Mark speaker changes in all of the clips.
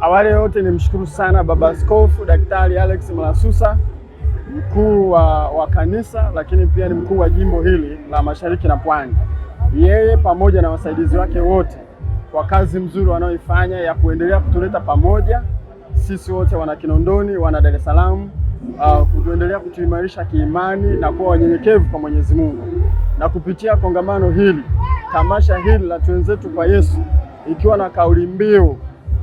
Speaker 1: Awali yote mshukuru sana Baba Askofu Daktari Alex Malasusa, mkuu wa, wa kanisa, lakini pia ni mkuu wa jimbo hili la Mashariki na Pwani, yeye pamoja na wasaidizi wake wote kwa kazi mzuri wanaoifanya ya kuendelea kutuleta pamoja sisi wote wana Kinondoni, wana Dar es Salaam, uh, kutuendelea kutuimarisha kiimani na kuwa wanyenyekevu kwa Mwenyezi Mungu, na kupitia kongamano hili, tamasha hili la Twenzetu kwa Yesu, ikiwa na kauli mbiu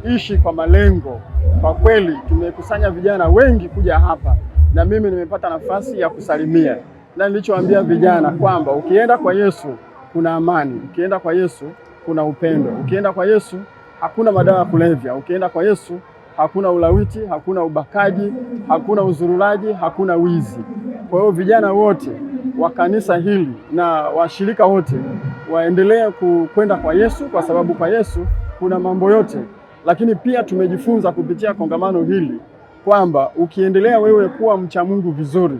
Speaker 1: ishi kwa malengo. Kwa kweli tumekusanya vijana wengi kuja hapa, na mimi nimepata nafasi ya kusalimia, na nilichoambia vijana kwamba ukienda kwa Yesu kuna amani, ukienda kwa Yesu kuna upendo, ukienda kwa Yesu hakuna madawa ya kulevya, ukienda kwa Yesu hakuna ulawiti, hakuna ubakaji, hakuna uzurulaji, hakuna wizi. Kwa hiyo vijana wote wa kanisa hili na washirika wote waendelee kwenda kwa Yesu, kwa sababu kwa Yesu kuna mambo yote. Lakini pia tumejifunza kupitia kongamano hili kwamba ukiendelea wewe kuwa mcha Mungu vizuri,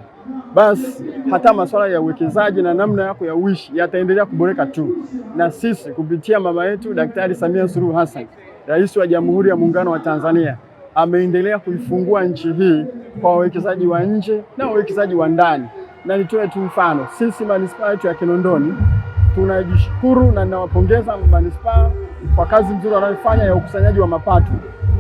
Speaker 1: basi hata masuala ya uwekezaji na namna yako ya uishi yataendelea kuboreka tu. Na sisi kupitia mama yetu Daktari Samia Suluhu Hassan, Rais wa Jamhuri ya Muungano wa Tanzania, ameendelea kuifungua nchi hii kwa wawekezaji wa nje na wawekezaji wa ndani. Na nitoe tu mfano, sisi manispaa yetu ya Kinondoni tunajishukuru na ninawapongeza manispaa kwa kazi nzuri wanayofanya ya ukusanyaji wa mapato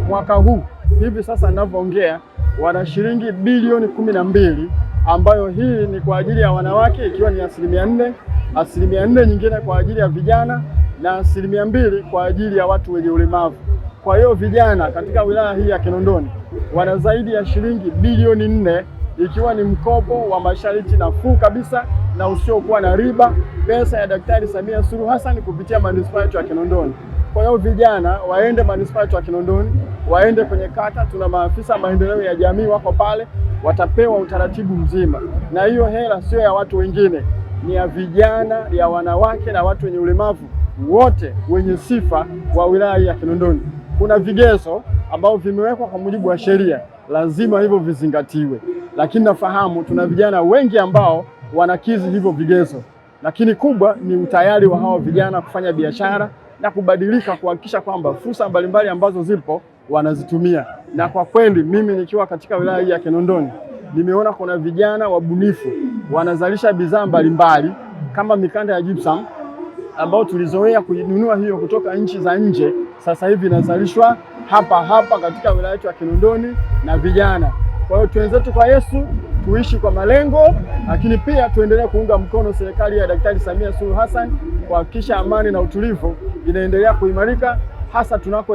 Speaker 1: mwaka huu. Hivi sasa ninavyoongea, wana shilingi bilioni kumi na mbili ambayo hii ni kwa ajili ya wanawake ikiwa ni asilimia nne, asilimia nne nyingine kwa ajili ya vijana na asilimia mbili kwa ajili ya watu wenye ulemavu. Kwa hiyo vijana katika wilaya hii ya Kinondoni wana zaidi ya shilingi bilioni nne ikiwa ni mkopo wa masharti nafuu kabisa na usiokuwa na riba, pesa ya Daktari Samia Suluhu Hassan kupitia manispaa yetu ya Kinondoni. Kwa hiyo vijana waende manispaa yetu ya Kinondoni, waende kwenye kata, tuna maafisa maendeleo ya jamii wako pale, watapewa utaratibu mzima, na hiyo hela sio ya watu wengine, ni ya vijana, ya wanawake na watu wenye ulemavu wote wenye sifa wa wilaya ya Kinondoni. Kuna vigezo ambavyo vimewekwa kwa mujibu wa sheria, lazima hivyo vizingatiwe lakini nafahamu tuna vijana wengi ambao wanakizi hivyo vigezo, lakini kubwa ni utayari wa hawa vijana kufanya biashara na kubadilika, kuhakikisha kwamba fursa mbalimbali ambazo zipo wanazitumia. Na kwa kweli mimi nikiwa katika wilaya hii ya Kinondoni nimeona kuna vijana wabunifu wanazalisha bidhaa mbalimbali kama mikanda ya gypsum ambao tulizoea kuinunua hiyo kutoka nchi za nje, sasa hivi inazalishwa hapa hapa katika wilaya yetu ya Kinondoni na vijana kwa hiyo tuenzetu kwa Yesu, tuishi kwa malengo, lakini pia tuendelee kuunga mkono serikali ya Daktari Samia Suluhu Hassan kuhakikisha amani na utulivu inaendelea kuimarika hasa tunako